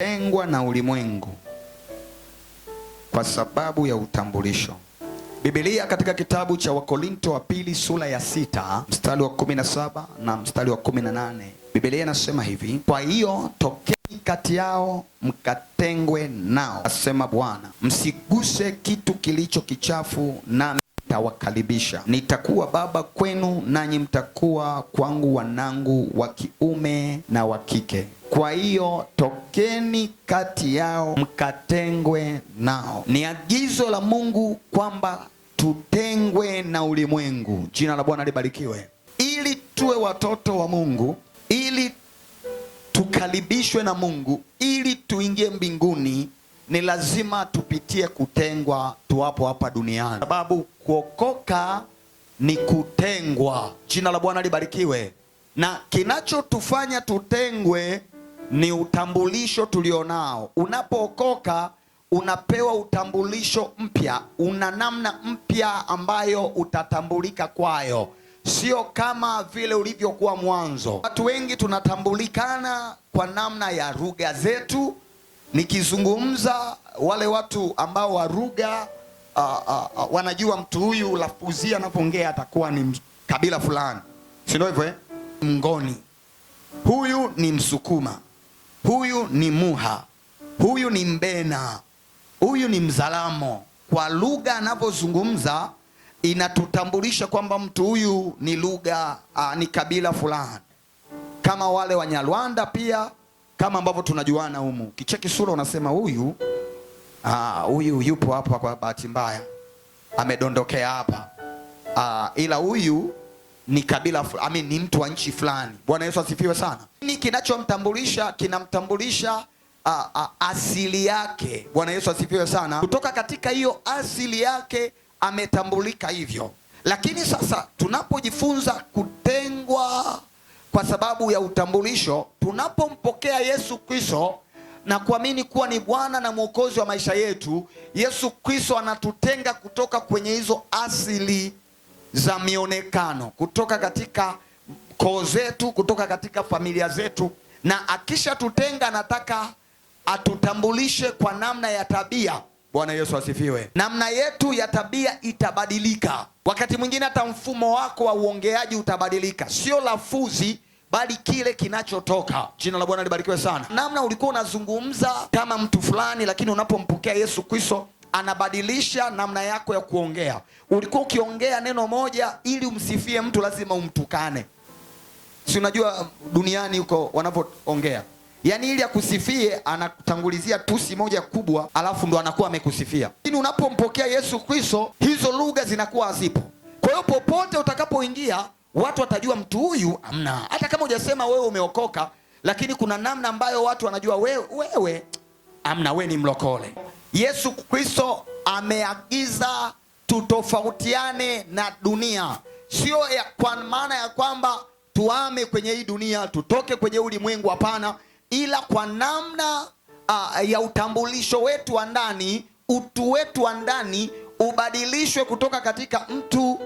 tengwa na ulimwengu kwa sababu ya utambulisho. Biblia katika kitabu cha Wakorinto wa pili sura ya sita mstari wa 17 na mstari wa 18, Biblia inasema hivi: kwa hiyo tokeni kati yao mkatengwe nao, asema Bwana, msiguse kitu kilicho kichafu, nami nitawakaribisha. Nitakuwa baba kwenu, nanyi mtakuwa kwangu wanangu wa kiume na wa kike kwa hiyo tokeni kati yao mkatengwe nao. Ni agizo la Mungu kwamba tutengwe na ulimwengu. Jina la Bwana libarikiwe. Ili tuwe watoto wa Mungu, ili tukaribishwe na Mungu, ili tuingie mbinguni, ni lazima tupitie kutengwa tuwapo hapa duniani, sababu kuokoka ni kutengwa. Jina la Bwana libarikiwe. Na kinachotufanya tutengwe ni utambulisho tulionao. Unapookoka unapewa utambulisho mpya, una namna mpya ambayo utatambulika kwayo, sio kama vile ulivyokuwa mwanzo. Watu wengi tunatambulikana kwa namna ya lugha zetu. Nikizungumza wale watu ambao wa lugha wanajua mtu huyu lafuzi anapoongea atakuwa ni kabila fulani, si ndio hivyo eh? Mngoni huyu ni Msukuma huyu ni Muha, huyu ni Mbena, huyu ni Mzalamo. Kwa lugha anavyozungumza inatutambulisha kwamba mtu huyu ni lugha ni kabila fulani, kama wale Wanyarwanda pia kama ambavyo tunajuana humu. Kicheki sura, unasema huyu huyu yupo hapa kwa bahati mbaya, amedondokea hapa, ila huyu ni kabila I mean, ni mtu wa nchi fulani. Bwana Yesu asifiwe sana. Ni kinachomtambulisha kinamtambulisha a, a, asili yake. Bwana Yesu asifiwe sana. Kutoka katika hiyo asili yake ametambulika hivyo, lakini sasa tunapojifunza kutengwa kwa sababu ya utambulisho, tunapompokea Yesu Kristo na kuamini kuwa ni Bwana na Mwokozi wa maisha yetu, Yesu Kristo anatutenga kutoka kwenye hizo asili za mionekano kutoka katika koo zetu, kutoka katika familia zetu, na akishatutenga anataka atutambulishe kwa namna ya tabia. Bwana Yesu asifiwe. Namna yetu ya tabia itabadilika. Wakati mwingine hata mfumo wako wa uongeaji utabadilika, sio lafuzi bali kile kinachotoka. Jina la Bwana libarikiwe sana. Namna ulikuwa unazungumza kama mtu fulani, lakini unapompokea Yesu Kristo anabadilisha namna yako ya kuongea. Ulikuwa ukiongea neno moja, ili umsifie mtu lazima umtukane. Si unajua duniani huko wanavyoongea, yaani ili akusifie anatangulizia tusi moja kubwa, alafu ndo anakuwa amekusifia. Lakini unapompokea Yesu Kristo, hizo lugha zinakuwa hazipo. Kwa hiyo popote utakapoingia, watu watajua mtu huyu amna, hata kama hujasema wewe umeokoka, lakini kuna namna ambayo watu wanajua wewe, wewe amna, we ni mlokole. Yesu Kristo ameagiza tutofautiane na dunia, sio ya kwa maana ya kwamba tuame kwenye hii dunia tutoke kwenye ulimwengu, hapana, ila kwa namna uh, ya utambulisho wetu wa ndani, utu wetu wa ndani ubadilishwe kutoka katika mtu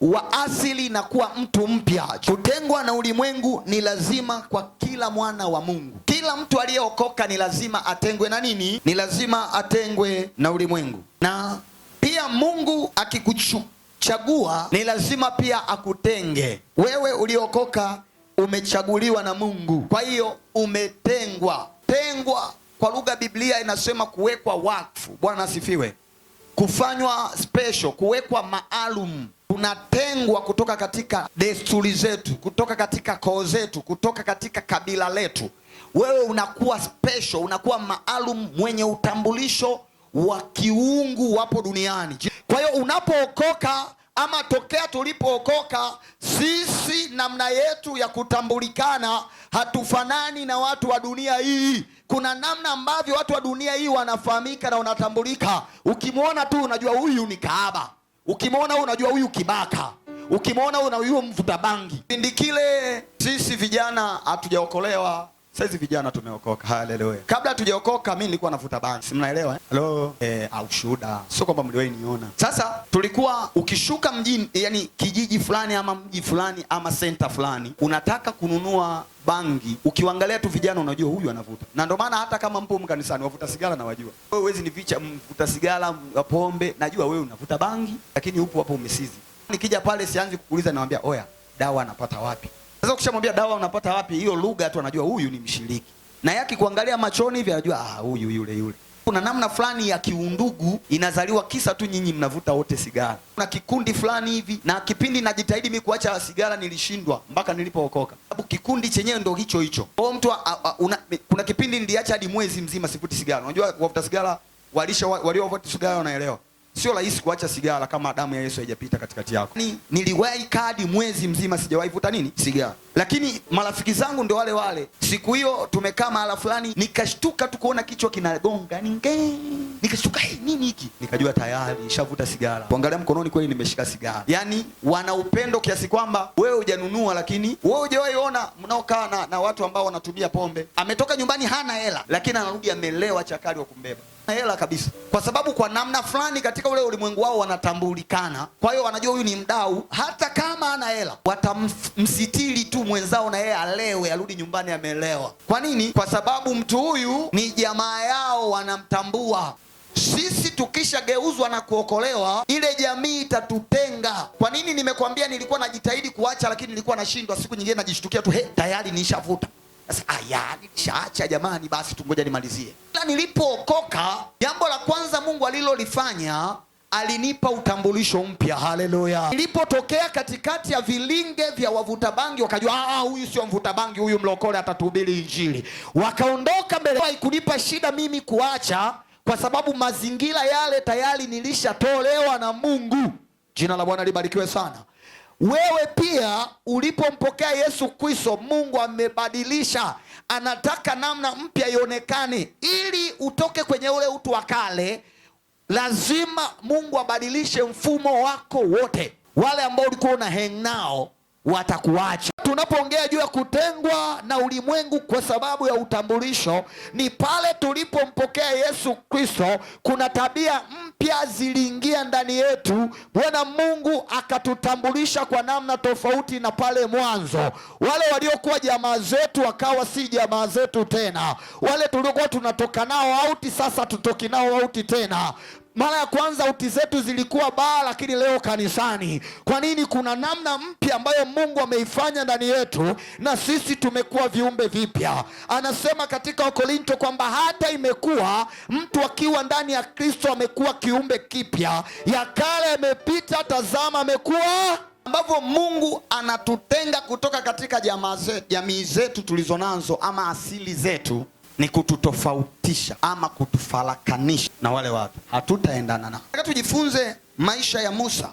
wa asili na kuwa mtu mpya. Kutengwa na ulimwengu ni lazima kwa kila mwana wa Mungu. Kila mtu aliyeokoka ni lazima atengwe na nini? Ni lazima atengwe na ulimwengu. Na pia Mungu akikuchagua ni lazima pia akutenge wewe. Uliokoka umechaguliwa na Mungu, kwa hiyo umetengwa. Tengwa kwa lugha Biblia inasema kuwekwa wakfu. Bwana asifiwe, kufanywa special, kuwekwa maalum tunatengwa kutoka katika desturi zetu, kutoka katika koo zetu, kutoka katika kabila letu. Wewe unakuwa special, unakuwa maalum, mwenye utambulisho wa kiungu wapo duniani. Kwa hiyo unapookoka ama tokea tulipookoka sisi, namna yetu ya kutambulikana, hatufanani na watu wa dunia hii. Kuna namna ambavyo watu wa dunia hii wanafahamika na wanatambulika. Ukimwona tu unajua huyu ni kahaba. Ukimwona huyu unajua huyu kibaka, ukimwona huyu unajua mvuta bangi. Pindi kile sisi vijana hatujaokolewa Saizi vijana tumeokoka. Haleluya. Kabla tujaokoka mimi nilikuwa navuta bangi. Si mnaelewa eh? Hello. Eh, au shuda. Sio kwamba mliwahi niona. Sasa tulikuwa ukishuka mjini, yani kijiji fulani ama mji fulani ama center fulani, unataka kununua bangi ukiwaangalia tu vijana unajua huyu anavuta, na ndio maana hata kama mpo mkanisani wavuta sigara na wajua wewe, huwezi vicha mvuta sigara wa pombe, najua wewe unavuta bangi, lakini upo hapo umesizi. Nikija pale sianzi kukuuliza, naambia oya, dawa anapata wapi? Sasa ukishamwambia dawa unapata wapi hiyo lugha, tu anajua huyu ni mshiriki, na yake kuangalia machoni hivi anajua ah, huyu yule yule. Kuna namna fulani ya kiundugu inazaliwa, kisa tu nyinyi mnavuta wote sigara. Kuna kikundi fulani hivi, na kipindi najitahidi mimi kuacha sigara nilishindwa mpaka nilipookoka, sababu kikundi chenyewe ndo hicho hicho. Kwa mtu kuna kipindi niliacha hadi mwezi mzima sivuti sigara. Unajua wavuta sigara walisha waliovuta sigara wanaelewa Sio rahisi kuacha sigara kama damu ya Yesu haijapita katikati yako. Ni, niliwahi kadi mwezi mzima sijawahi vuta nini sigara, lakini marafiki zangu ndio wale wale. Siku hiyo tumekaa mahala fulani, nikashtuka tu kuona kichwa kinagonga ninge, nikashtuka hii nini hiki, nikajua tayari nishavuta sigara. Kuangalia mkononi, kweli nimeshika sigara. Yani wana upendo kiasi kwamba wewe hujanunua, lakini wewe hujawahi ona mnaokaa na, na watu ambao wanatumia pombe. Ametoka nyumbani hana hela, lakini anarudi amelewa, chakali wa kumbeba hela kabisa, kwa sababu kwa namna fulani katika ule ulimwengu wao wanatambulikana. Kwa hiyo wanajua huyu ni mdau, hata kama ana hela watamsitiri tu mwenzao, na yeye alewe, arudi nyumbani amelewa. Kwa nini? Kwa sababu mtu huyu ni jamaa yao, wanamtambua. Sisi tukishageuzwa na kuokolewa, ile jamii itatutenga. Kwa nini? Nimekwambia nilikuwa najitahidi kuacha, lakini nilikuwa nashindwa. Siku nyingine najishtukia tu, he, tayari nishavuta sasa aya, ah, nilishaacha jamani, basi tungoja nimalizie. Ila nilipookoka, jambo la kwanza Mungu alilolifanya alinipa utambulisho mpya. Haleluya! Nilipotokea katikati ya vilinge vya wavuta bangi, wakajua ah, ah, huyu sio mvuta bangi, huyu mlokole, atatuhubiri Injili. Wakaondoka mbele. Haikunipa shida mimi kuacha, kwa sababu mazingira yale tayari nilishatolewa na Mungu. Jina la Bwana libarikiwe sana. Wewe pia ulipompokea Yesu Kristo, Mungu amebadilisha, anataka namna mpya ionekane. Ili utoke kwenye ule utu wa kale, lazima Mungu abadilishe mfumo wako wote. Wale ambao ulikuwa una hang nao watakuacha. Tunapoongea juu ya kutengwa na ulimwengu kwa sababu ya utambulisho, ni pale tulipompokea Yesu Kristo, kuna tabia mpya ziliingia ndani yetu, Bwana Mungu akatutambulisha kwa namna tofauti na pale mwanzo. Wale waliokuwa jamaa zetu wakawa si jamaa zetu tena, wale tuliokuwa tunatoka nao auti sasa tutoki nao auti tena. Mara ya kwanza uti zetu zilikuwa baa, lakini leo kanisani. Kwa nini? Kuna namna mpya ambayo Mungu ameifanya ndani yetu, na sisi tumekuwa viumbe vipya. Anasema katika Wakorinto kwamba hata imekuwa mtu akiwa ndani ya Kristo amekuwa kiumbe kipya, ya kale yamepita, tazama amekuwa ambavyo Mungu anatutenga kutoka katika jamaa zetu, jamii zetu tulizo nazo ama asili zetu ni kututofautisha ama kutufarakanisha na wale watu, hatutaendana nao. Nataka tujifunze maisha ya Musa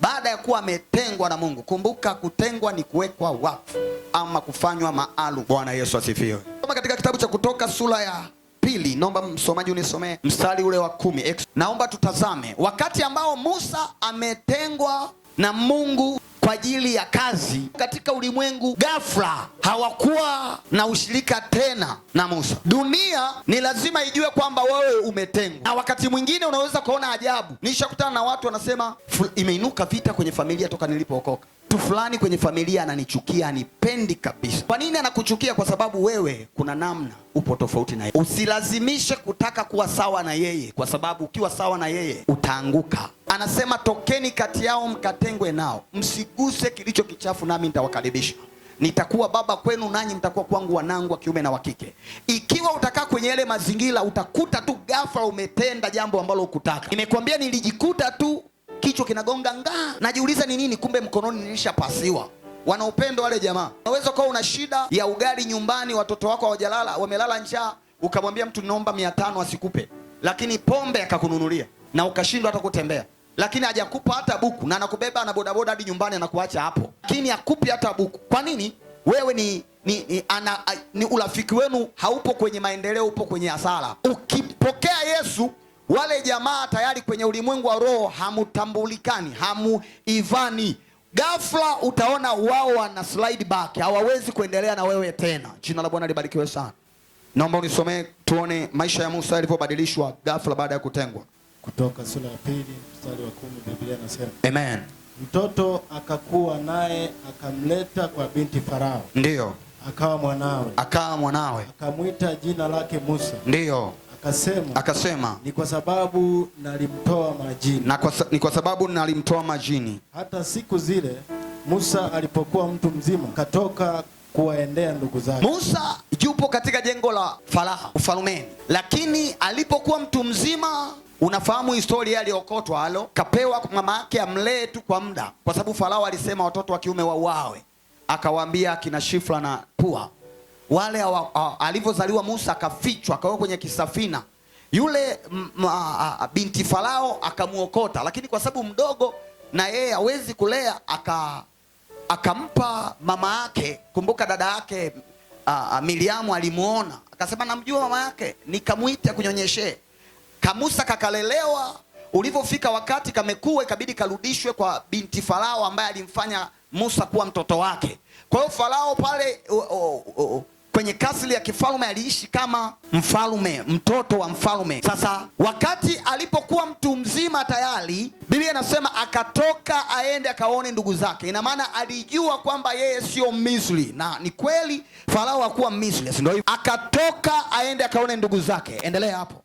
baada ya kuwa ametengwa na Mungu. Kumbuka, kutengwa ni kuwekwa wakfu ama kufanywa maalum. Bwana Yesu asifiwe. Kama katika kitabu cha Kutoka sura ya pili, naomba msomaji unisomee mstari ule wa kumi. Naomba tutazame wakati ambao Musa ametengwa na Mungu kwa ajili ya kazi katika ulimwengu, ghafla hawakuwa na ushirika tena na Musa. Dunia ni lazima ijue kwamba wewe umetengwa, na wakati mwingine unaweza kuona ajabu. Nishakutana na watu wanasema imeinuka vita kwenye familia toka nilipookoka mtu fulani kwenye familia ananichukia, anipendi kabisa. Kwa nini anakuchukia? Kwa sababu wewe kuna namna upo tofauti na yeye. Usilazimishe kutaka kuwa sawa na yeye, kwa sababu ukiwa sawa na yeye utaanguka. Anasema, tokeni kati yao mkatengwe nao, msiguse kilicho kichafu, nami nitawakaribisha nitakuwa baba kwenu nanyi mtakuwa kwangu wanangu wa kiume na wa kike. Ikiwa utakaa kwenye yale mazingira, utakuta tu ghafla umetenda jambo ambalo hukutaka. Nimekwambia nilijikuta tu kichwa kinagonga ngaa, najiuliza ni nini, kumbe mkononi nilishapasiwa. Wana upendo wale jamaa. Unaweza kuwa una shida ya ugali nyumbani, watoto wako hawajalala, wamelala njaa, ukamwambia mtu naomba mia tano asikupe, lakini pombe akakununulia na ukashindwa hata kutembea, lakini hajakupa hata buku, na anakubeba na bodaboda hadi nyumbani, anakuacha hapo, lakini akupi hata buku. Kwa nini? Wewe ni ni, ni, ana, ni urafiki wenu haupo kwenye maendeleo, upo kwenye hasara. Ukipokea Yesu wale jamaa tayari kwenye ulimwengu wa roho hamutambulikani, hamuivani. Ghafla utaona wao wana slide back, hawawezi kuendelea na wewe tena. Jina la Bwana libarikiwe sana. Naomba unisomee tuone maisha ya Musa yalivyobadilishwa ghafla baada ya kutengwa. Kutoka sura ya pili mstari wa kumi Biblia inasema Amen. Mtoto akakuwa naye akamleta kwa binti Farao, Ndio. akawa mwanawe, akawa mwanawe, akamwita jina lake Musa, Ndio. Akasema, akasema ni kwa sababu nalimtoa majini, na kwa, ni kwa sababu nalimtoa majini. Hata siku zile Musa alipokuwa mtu mzima katoka kuwaendea ndugu zake. Musa yupo katika jengo la Farao ufalumeni, lakini alipokuwa mtu mzima Unafahamu historia aliokotwa halo, kapewa mama yake amlee tu kwa muda, kwa sababu Farao alisema watoto wa kiume wauawe, akawaambia akina Shifra na Pua wale alivyozaliwa Musa akafichwa akawekwa kwenye kisafina, yule m, m, a, binti Farao akamuokota, lakini kwa sababu mdogo na yeye hawezi kulea aka akampa mama yake. Kumbuka dada yake Miriamu alimuona akasema, namjua mama yake, nikamuita kunyonyeshe. Kamusa kakalelewa, ulivyofika wakati kamekuwa, ikabidi karudishwe kwa binti Farao ambaye alimfanya Musa kuwa mtoto wake. Kwa hiyo Farao pale o, o, o, kwenye kasri ya kifalme aliishi kama mfalme, mtoto wa mfalme. Sasa wakati alipokuwa mtu mzima tayari, Biblia inasema akatoka aende akaone ndugu zake. Ina maana alijua kwamba yeye sio Misri, na ni kweli Farao hakuwa Misri, si ndio hivyo? Akatoka aende akaone ndugu zake. Endelea hapo.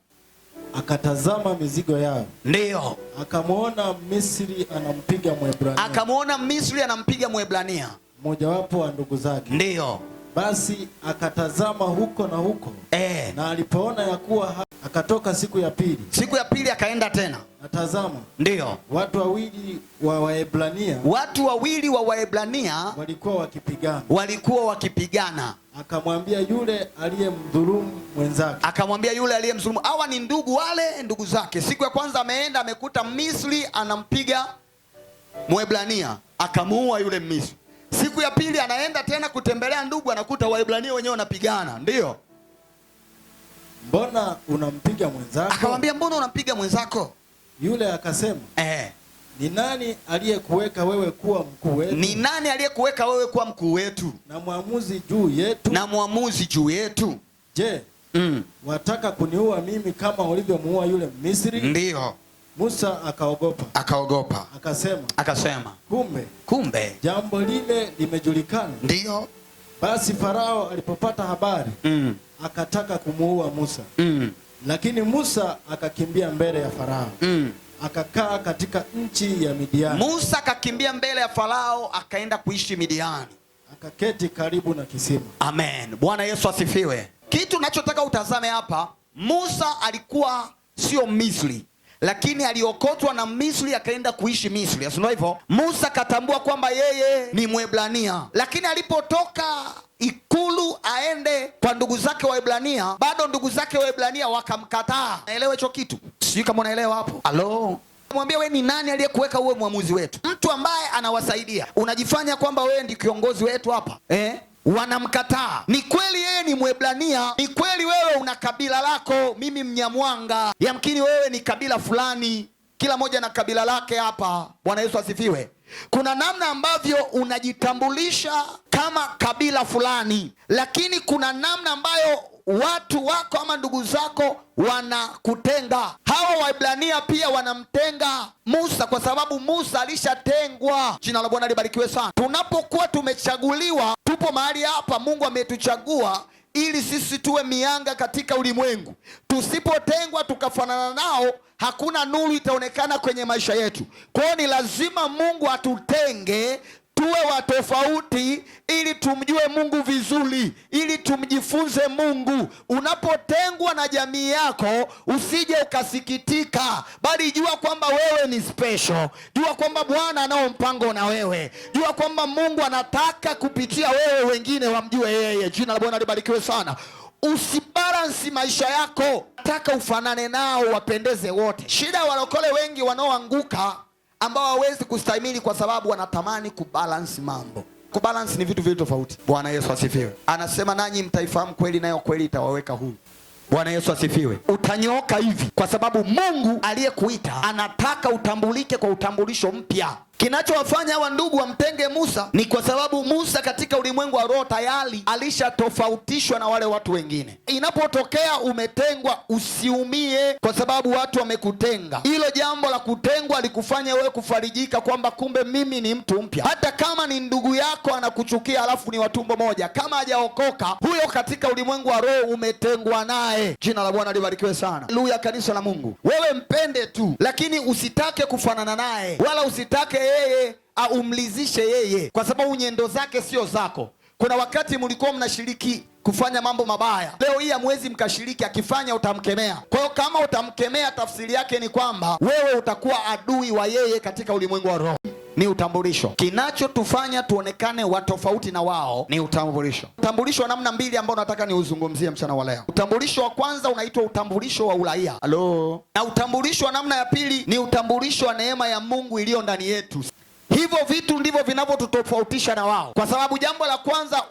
Akatazama mizigo yao, ndio akamwona Misri anampiga Mwebrania, akamwona Misri anampiga Mwebrania, mmojawapo wa ndugu zake, ndio basi akatazama huko na huko eh, na alipoona ya kuwa akatoka siku ya pili. Siku ya pili akaenda tena, natazama ndio watu wawili wa Waebrania, watu wawili wa Waebrania walikuwa wakipigana, walikuwa wakipigana. Akamwambia yule aliyemdhulumu mwenzake, akamwambia yule aliyemdhulumu. Hawa ni ndugu, wale ndugu zake. Siku ya kwanza ameenda amekuta Misri anampiga Mwebrania, akamuua yule Misri siku ya pili anaenda tena kutembelea ndugu, anakuta Waebrania wenyewe wanapigana. Ndio, mbona unampiga mwenzako? Akamwambia, mbona unampiga mwenzako? Yule akasema eh, ni nani aliyekuweka wewe kuwa mkuu wetu? Ni nani aliyekuweka wewe kuwa mkuu wetu na mwamuzi juu yetu? Na mwamuzi juu yetu. Je, mm, wataka kuniua mimi kama ulivyomuua yule Misri? Ndio. Musa akaogopa. Akaogopa. Akasema. Akasema. Kumbe. Kumbe. Jambo lile limejulikana. ndio Basi Farao alipopata habari mm. akataka kumuua Musa mm. lakini Musa akakimbia mbele ya Farao mm. akakaa katika nchi ya Midiani. Musa akakimbia mbele ya Farao akaenda kuishi Midiani, akaketi karibu na kisima. Amen, Bwana Yesu asifiwe. Kitu nachotaka utazame hapa, Musa alikuwa sio Misri lakini aliokotwa na Misri akaenda kuishi Misri, si hivyo? Musa katambua kwamba yeye ni Mwebrania, lakini alipotoka ikulu aende kwa ndugu zake Waebrania, bado ndugu zake Waebrania wakamkataa. Naelewa hicho kitu, sijui kama unaelewa hapo. Halo, mwambia we ni nani aliyekuweka uwe mwamuzi wetu? Mtu ambaye anawasaidia, unajifanya kwamba wewe ndi kiongozi wetu hapa eh? wanamkataa. Ni kweli yeye ni Mwebrania, ni kweli wewe una kabila lako, mimi Mnyamwanga, yamkini wewe ni kabila fulani, kila moja na kabila lake hapa. Bwana Yesu asifiwe. Kuna namna ambavyo unajitambulisha kama kabila fulani, lakini kuna namna ambayo watu wako ama ndugu zako wanakutenga. Hawa Waibrania pia wanamtenga Musa kwa sababu Musa alishatengwa. Jina la Bwana libarikiwe sana. Tunapokuwa tumechaguliwa, tupo mahali hapa, Mungu ametuchagua ili sisi tuwe mianga katika ulimwengu. Tusipotengwa tukafanana nao, hakuna nuru itaonekana kwenye maisha yetu. Kwa hiyo ni lazima Mungu atutenge tuwe wa tofauti ili tumjue Mungu vizuri, ili tumjifunze Mungu. Unapotengwa na jamii yako, usije ukasikitika, bali jua kwamba wewe ni special. Jua kwamba Bwana anao mpango na wewe, jua kwamba Mungu anataka kupitia wewe wengine wamjue yeye. Jina la Bwana libarikiwe sana. Usibalansi maisha yako, nataka ufanane nao, wapendeze wote. Shida ya walokole wengi wanaoanguka ambao hawezi kustahimili kwa sababu wanatamani kubalance mambo. Kubalance ni vitu viwili tofauti. Bwana Yesu asifiwe. Anasema nanyi mtaifahamu kweli, nayo kweli itawaweka huru. Bwana Yesu asifiwe. Utanyoka hivi kwa sababu Mungu aliyekuita anataka utambulike kwa utambulisho mpya. Kinachowafanya hawa ndugu wamtenge Musa ni kwa sababu Musa katika ulimwengu wa roho tayari alishatofautishwa na wale watu wengine. Inapotokea umetengwa, usiumie kwa sababu watu wamekutenga. Hilo jambo la kutengwa likufanya wewe kufarijika kwamba kumbe mimi ni mtu mpya. Hata kama ni ndugu yako anakuchukia, alafu ni watumbo moja, kama hajaokoka huyo, katika ulimwengu wa roho umetengwa naye. Jina la Bwana libarikiwe sana. Luya, kanisa la Mungu, wewe mpende tu, lakini usitake kufanana naye wala usitake yeye aumlizishe yeye, kwa sababu nyendo zake sio zako. Kuna wakati mlikuwa mnashiriki kufanya mambo mabaya, leo hii hamwezi mkashiriki. Akifanya utamkemea. Kwa hiyo kama utamkemea, tafsiri yake ni kwamba wewe utakuwa adui wa yeye katika ulimwengu wa roho ni utambulisho. Kinachotufanya tuonekane watofauti na wao ni utambulisho. Utambulisho wa namna mbili ambao nataka niuzungumzie mchana wa leo. Utambulisho wa kwanza unaitwa utambulisho wa uraia. Halo. Na utambulisho wa namna ya pili ni utambulisho wa neema ya Mungu iliyo ndani yetu. Hivyo vitu ndivyo vinavyotutofautisha na wao, kwa sababu jambo la kwanza,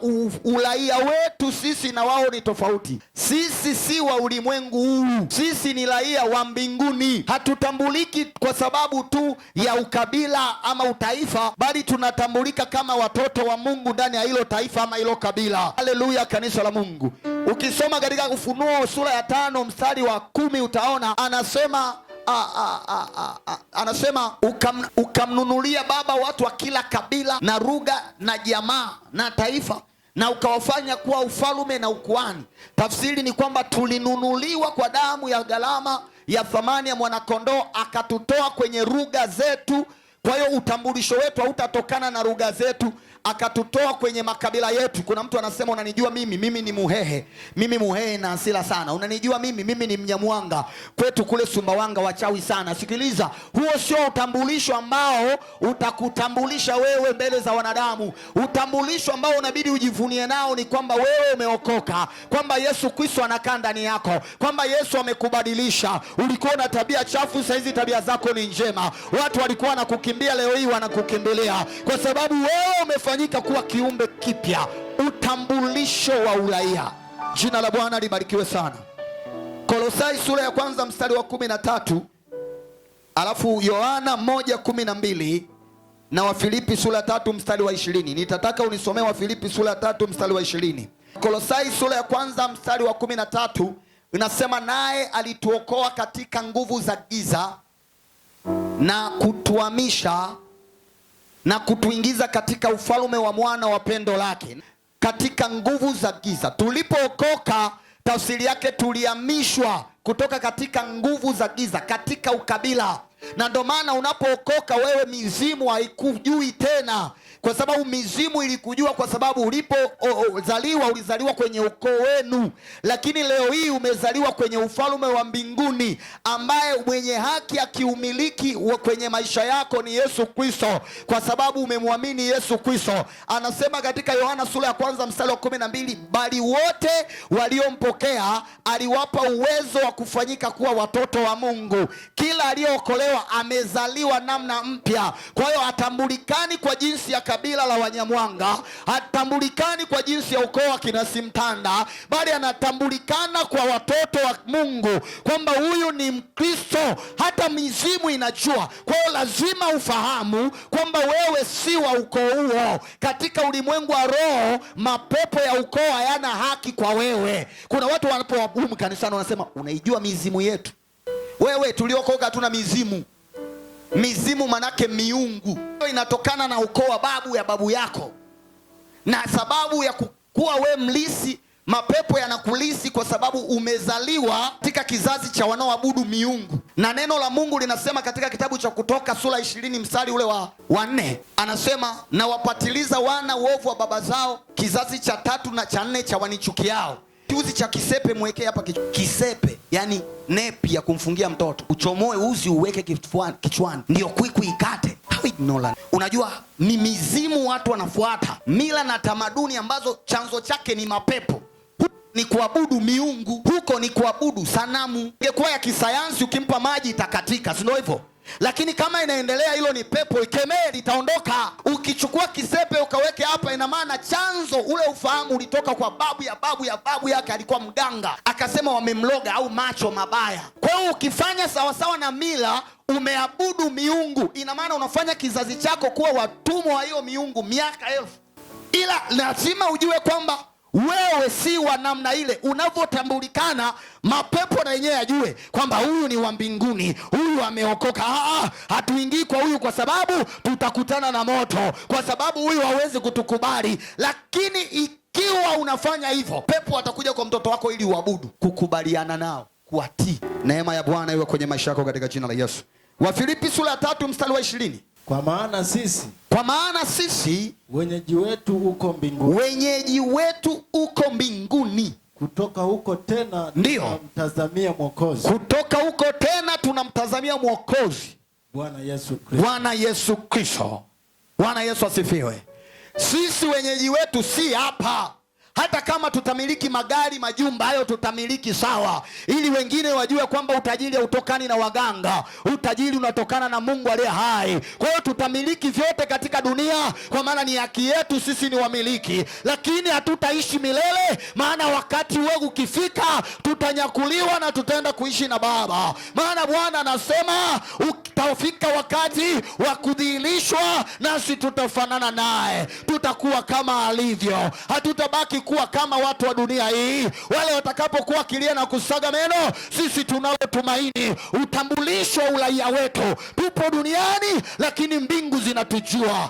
uraia wetu sisi na wao ni tofauti. Sisi si wa ulimwengu huu, sisi ni raia wa mbinguni. Hatutambuliki kwa sababu tu ya ukabila ama utaifa, bali tunatambulika kama watoto wa Mungu ndani ya hilo taifa ama hilo kabila. Haleluya, kanisa la Mungu. Ukisoma katika Ufunuo sura ya tano mstari wa kumi utaona anasema a, ah, a, ah, a, ah, a, a. Anasema ukam, ukamnunulia Baba watu wa kila kabila na lugha na jamaa na taifa na ukawafanya kuwa ufalume na ukuani. Tafsiri ni kwamba tulinunuliwa kwa damu ya gharama ya thamani ya mwanakondoo, akatutoa kwenye lugha zetu. Kwa hiyo utambulisho wetu hautatokana na lugha zetu akatutoa kwenye makabila yetu. Kuna mtu anasema unanijua mimi, mimi ni Muhehe, mimi Muhehe na asila sana. Unanijua mimi, mimi ni Mnyamwanga, kwetu kule Sumbawanga wachawi sana. Sikiliza, huo sio utambulisho ambao utakutambulisha wewe mbele za wanadamu. Utambulisho ambao unabidi ujivunie nao ni kwamba wewe umeokoka, kwamba Yesu Kristo anakaa ndani yako, kwamba Yesu amekubadilisha. Ulikuwa na tabia chafu, sasa hizi tabia zako ni njema. Watu walikuwa wanakukimbia, leo hii wanakukimbilia kwa sababu wewe ume kufanyika kuwa kiumbe kipya, utambulisho wa uraia. Jina la Bwana libarikiwe sana. Kolosai sura ya kwanza mstari wa kumi na tatu alafu Yohana moja kumi na mbili na Wafilipi sura ya tatu mstari wa ishirini Nitataka unisomee Wafilipi sura ya tatu mstari wa ishirini Kolosai sura ya kwanza mstari wa kumi na tatu inasema naye alituokoa katika nguvu za giza na kutuhamisha na kutuingiza katika ufalme wa mwana wa pendo lake, katika nguvu za giza. Tulipookoka tafsiri yake tulihamishwa kutoka katika nguvu za giza, katika ukabila. Na ndio maana unapookoka wewe, mizimu haikujui tena kwa sababu mizimu ilikujua kwa sababu ulipozaliwa ulizaliwa kwenye ukoo wenu, lakini leo hii umezaliwa kwenye ufalme wa mbinguni ambaye mwenye haki akiumiliki kwenye maisha yako ni Yesu Kristo, kwa sababu umemwamini Yesu Kristo. Anasema katika Yohana sura ya kwanza mstari wa kumi na mbili bali wote waliompokea aliwapa uwezo wa kufanyika kuwa watoto wa Mungu. Kila aliyeokolewa amezaliwa namna mpya, kwa hiyo atambulikani kwa jinsi ya kabila la Wanyamwanga, hatambulikani kwa jinsi ya ukoo wa kina Simtanda, bali anatambulikana kwa watoto wa Mungu kwamba huyu ni Mkristo. Hata mizimu inajua. Kwa hiyo lazima ufahamu kwamba wewe si wa ukoo huo. Katika ulimwengu wa roho, mapepo ya ukoo hayana haki kwa wewe. Kuna watu wanapowabumu kanisani wanasema, unaijua mizimu yetu? Wewe tuliokoka hatuna mizimu. Mizimu manake miungu inatokana na ukoo wa babu ya babu yako, na sababu ya kuwa we mlisi, mapepo yanakulisi kwa sababu umezaliwa katika kizazi cha wanaoabudu miungu. Na neno la Mungu linasema katika kitabu cha Kutoka sura ishirini mstari ule wa wanne, anasema nawapatiliza wana uovu wa baba zao, kizazi cha tatu na cha nne cha wanichukiao Kiuzi cha kisepe mwekee hapa kisepe, yani nepi ya kumfungia mtoto, uchomoe uzi uweke kifuani, kichwani, ndio kwiku ikate. Nolan. Unajua ni mizimu watu wanafuata mila na tamaduni ambazo chanzo chake ni mapepo ni kuabudu miungu, huko ni kuabudu sanamu. Ingekuwa ya kisayansi, ukimpa maji itakatika, si ndio hivyo? Lakini kama inaendelea, hilo ni pepo, ikemee, litaondoka. Ukichukua kisepe ukaweke hapa, ina maana chanzo ule ufahamu ulitoka kwa babu ya babu ya babu yake, alikuwa mganga, akasema wamemloga, au macho mabaya. Kwa hiyo ukifanya sawasawa na mila umeabudu miungu, ina maana unafanya kizazi chako kuwa watumwa wa hiyo miungu miaka elfu. Ila lazima ujue kwamba wewe si wa namna ile unavyotambulikana, mapepo na yenyewe yajue kwamba huyu ni wa mbinguni, huyu ameokoka. Ah, ah, hatuingii kwa huyu kwa sababu tutakutana na moto, kwa sababu huyu hawezi kutukubali. Lakini ikiwa unafanya hivyo, pepo watakuja kwa mtoto wako ili uabudu, kukubaliana nao, kuatii. Neema ya Bwana iwe kwenye maisha yako katika jina la Yesu. Wafilipi sura ya tatu mstari wa ishirini. Kwa maana sisi, kwa maana sisi wenyeji wetu uko mbinguni, wenyeji wetu uko mbinguni kutoka huko tena tunamtazamia Mwokozi, kutoka huko tena tunamtazamia Mwokozi Bwana Yesu Kristo. Bwana Yesu Kristo, Bwana Yesu asifiwe. Sisi wenyeji wetu si hapa. Hata kama tutamiliki magari, majumba hayo tutamiliki sawa, ili wengine wajue kwamba utajiri hautokani na waganga, utajiri unatokana na Mungu aliye hai. Kwa hiyo tutamiliki vyote katika dunia, kwa maana ni haki yetu, sisi ni wamiliki, lakini hatutaishi milele, maana wakati wewe ukifika, tutanyakuliwa na tutaenda kuishi na Baba, maana Bwana anasema utafika wakati wa kudhihirishwa, nasi tutafanana naye, tutakuwa kama alivyo, hatutabaki kuwa kama watu wa dunia hii, wale watakapokuwa kilia na kusaga meno. Sisi tunaotumaini utambulisho wa uraia wetu, tupo duniani lakini mbingu zinatujua.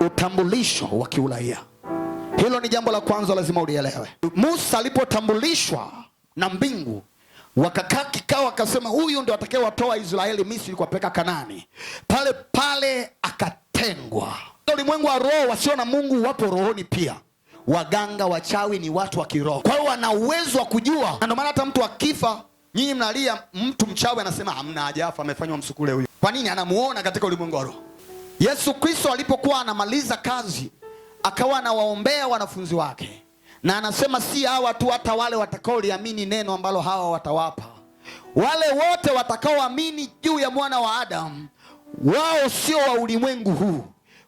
Utambulisho wa kiuraia, hilo ni jambo la kwanza, lazima ulielewe. Musa alipotambulishwa na mbingu wakakaa kikao, akasema huyu ndio atakayewatoa Israeli Misri kuwapeleka Kanani. Pale pale akatengwa. Ulimwengu wa roho, wasio na Mungu wapo rohoni pia waganga wachawi ni watu wa kiroho, kwa hiyo wana uwezo wa kujua, na ndio maana hata mtu akifa nyinyi mnalia, mtu mchawi anasema hamna, ajafa amefanywa msukule huyo. Kwa nini? Anamuona katika ulimwengu wa roho. Yesu Kristo alipokuwa anamaliza kazi, akawa anawaombea wanafunzi wake, na anasema si hawa tu, hata wale watakaoliamini neno ambalo hawa watawapa, wale wote watakaoamini juu ya mwana wa Adamu, wao sio wa ulimwengu huu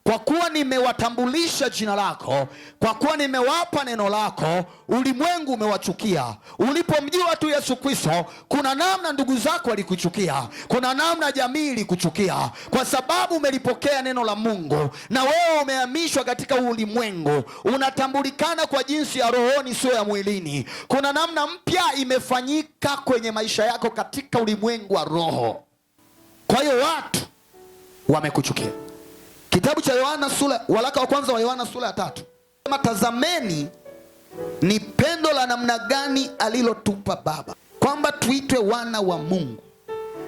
kwa kuwa nimewatambulisha jina lako, kwa kuwa nimewapa neno lako, ulimwengu umewachukia. Ulipomjua tu Yesu Kristo, kuna namna ndugu zako walikuchukia, kuna namna jamii ilikuchukia, kwa sababu umelipokea neno la Mungu na wewe umehamishwa katika ulimwengu, unatambulikana kwa jinsi ya rohoni, sio ya mwilini. Kuna namna mpya imefanyika kwenye maisha yako katika ulimwengu wa roho. Kwa hiyo watu wamekuchukia. Kitabu cha Yohana sura, waraka wa kwanza wa Yohana sura ya tatu, tazameni ni pendo la namna gani alilotupa Baba kwamba tuitwe wana wa Mungu,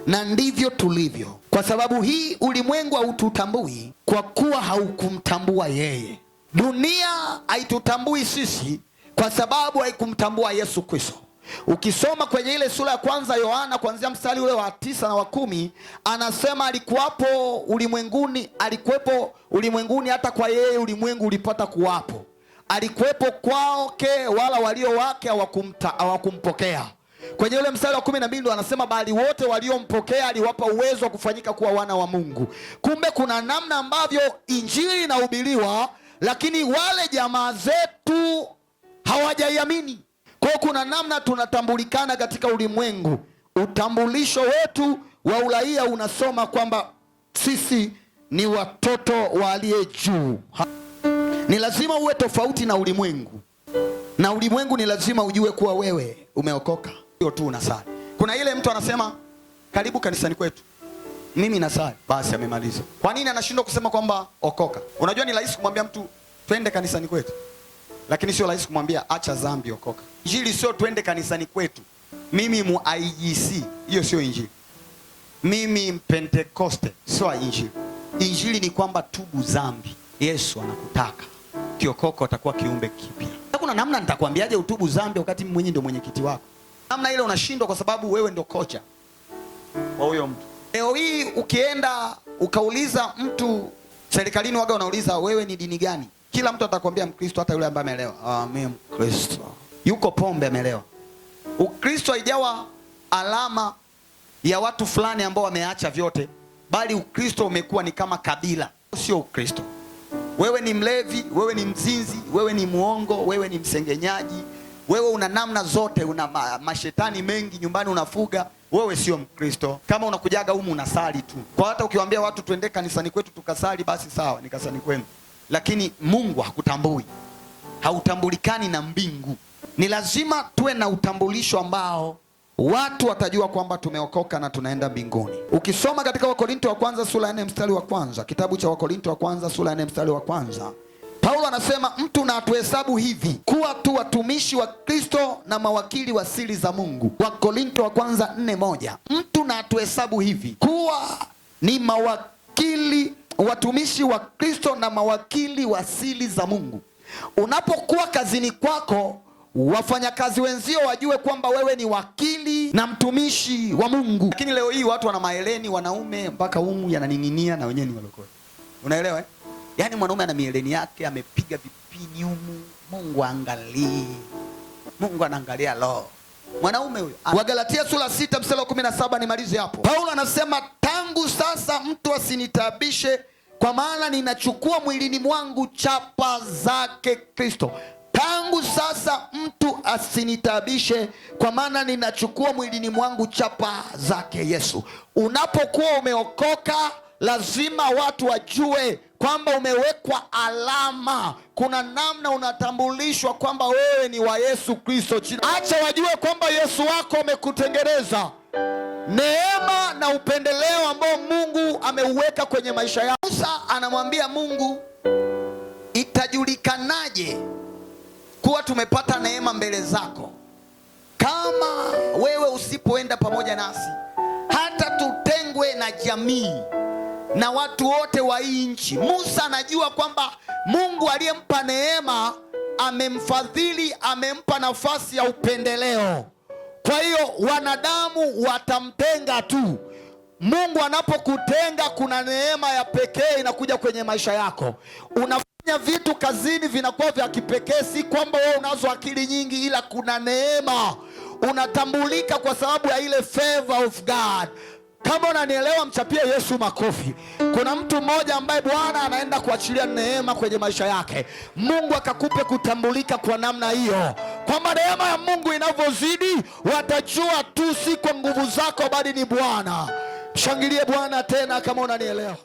na ndivyo tulivyo. Kwa sababu hii ulimwengu haututambui kwa kuwa haukumtambua yeye. Dunia haitutambui sisi kwa sababu haikumtambua Yesu Kristo. Ukisoma kwenye ile sura ya kwanza Yohana, kuanzia mstari ule wa tisa na wa kumi, anasema alikuwapo ulimwenguni, alikuwepo ulimwenguni, hata kwa yeye ulimwengu ulipata kuwapo. Alikuwepo kwake, wala walio wake hawakumpokea. Kwenye ule mstari wa kumi na mbili ndo anasema bali wote waliompokea aliwapa uwezo wa kufanyika kuwa wana wa Mungu. Kumbe kuna namna ambavyo injili inahubiriwa, lakini wale jamaa zetu hawajaiamini kwa kuna namna tunatambulikana katika ulimwengu. Utambulisho wetu wa uraia unasoma kwamba sisi ni watoto wa aliye juu. Ni lazima uwe tofauti na ulimwengu, na ulimwengu ni lazima ujue kuwa wewe umeokoka, Hiyo tu unasali. Kuna ile mtu anasema karibu kanisani kwetu, mimi nasali, basi amemaliza. Kwa nini anashindwa kusema kwamba okoka? Unajua, ni rahisi kumwambia mtu twende kanisani kwetu lakini sio rahisi kumwambia acha dhambi, okoka. Injili sio twende kanisani kwetu, mimi mu IGC, hiyo sio injili. Mimi mpentekoste sio injili. Injili ni kwamba tubu dhambi, Yesu anakutaka kiokoko, atakuwa kiumbe kipya. Kuna namna nitakwambiaje utubu dhambi wakati mwenyewe ndio mwenyekiti wako? Namna ile unashindwa kwa sababu wewe ndio kocha wa huyo mtu. Leo hii ukienda ukauliza mtu serikalini, waga unauliza wewe ni dini gani? Kila mtu atakwambia Mkristo, hata yule ambaye amelewa, ah, mimi Mkristo, yuko pombe amelewa. Ukristo haijawa alama ya watu fulani ambao wameacha vyote, bali Ukristo umekuwa ni kama kabila, sio Ukristo. Wewe ni mlevi, wewe ni mzinzi, wewe ni muongo, wewe ni msengenyaji, wewe una namna zote, una ma mashetani mengi nyumbani, unafuga wewe sio Mkristo. Kama unakujaga humu unasali tu, kwa hata ukiwaambia watu tuende kanisani kwetu tukasali, basi sawa, ni kanisani kwenu lakini Mungu hakutambui, hautambulikani na mbingu. Ni lazima tuwe na utambulisho ambao watu watajua kwamba tumeokoka na tunaenda mbinguni. Ukisoma katika Wakorinto wa kwanza sura ya 4 mstari wa kwanza, kitabu cha Wakorinto wa kwanza sura ya 4 mstari wa kwanza, Paulo anasema mtu na atuhesabu hivi kuwa tu watumishi wa Kristo na mawakili wa siri za Mungu. Wakorinto wa kwanza 4:1, mtu na atuhesabu hivi kuwa ni mawakili watumishi wa Kristo na mawakili wa siri za Mungu. Unapokuwa kazini kwako, wafanyakazi wenzio wajue kwamba wewe ni wakili na mtumishi wa Mungu. Lakini leo hii watu wana maeleni, wanaume mpaka umu yananing'inia, na wenyewe ni walokole. Unaelewa eh? Yaani mwanaume ana mieleni yake, amepiga vipini humu. Mungu angalie, Mungu anaangalia roho mwanaume huyo. Wagalatia sura sita mstari wa 17, nimalize hapo. Paulo anasema tangu sasa mtu asinitabishe, kwa maana ninachukua mwilini mwangu chapa zake Kristo. Tangu sasa mtu asinitabishe, kwa maana ninachukua mwilini mwangu chapa zake Yesu. Unapokuwa umeokoka lazima watu wajue kwamba umewekwa alama. Kuna namna unatambulishwa kwamba wewe ni wa Yesu Kristo. Acha wajue kwamba Yesu wako amekutengeneza neema na upendeleo ambao Mungu ameuweka kwenye maisha yako Musa anamwambia Mungu, itajulikanaje kuwa tumepata neema mbele zako kama wewe usipoenda pamoja nasi hata tutengwe na jamii? na watu wote wa hii nchi. Musa anajua kwamba Mungu aliyempa neema amemfadhili, amempa nafasi ya upendeleo. Kwa hiyo wanadamu watamtenga tu. Mungu anapokutenga, kuna neema ya pekee inakuja kwenye maisha yako. Unafanya vitu kazini vinakuwa vya kipekee, si kwamba wewe unazo akili nyingi, ila kuna neema. Unatambulika kwa sababu ya ile favor of God. Kama unanielewa mchapie Yesu makofi. Kuna mtu mmoja ambaye Bwana anaenda kuachilia neema kwenye maisha yake, Mungu akakupe kutambulika kwa namna hiyo, kwamba neema ya Mungu inavyozidi watajua tu, si kwa nguvu zako, bali ni Bwana. Shangilie Bwana tena kama unanielewa.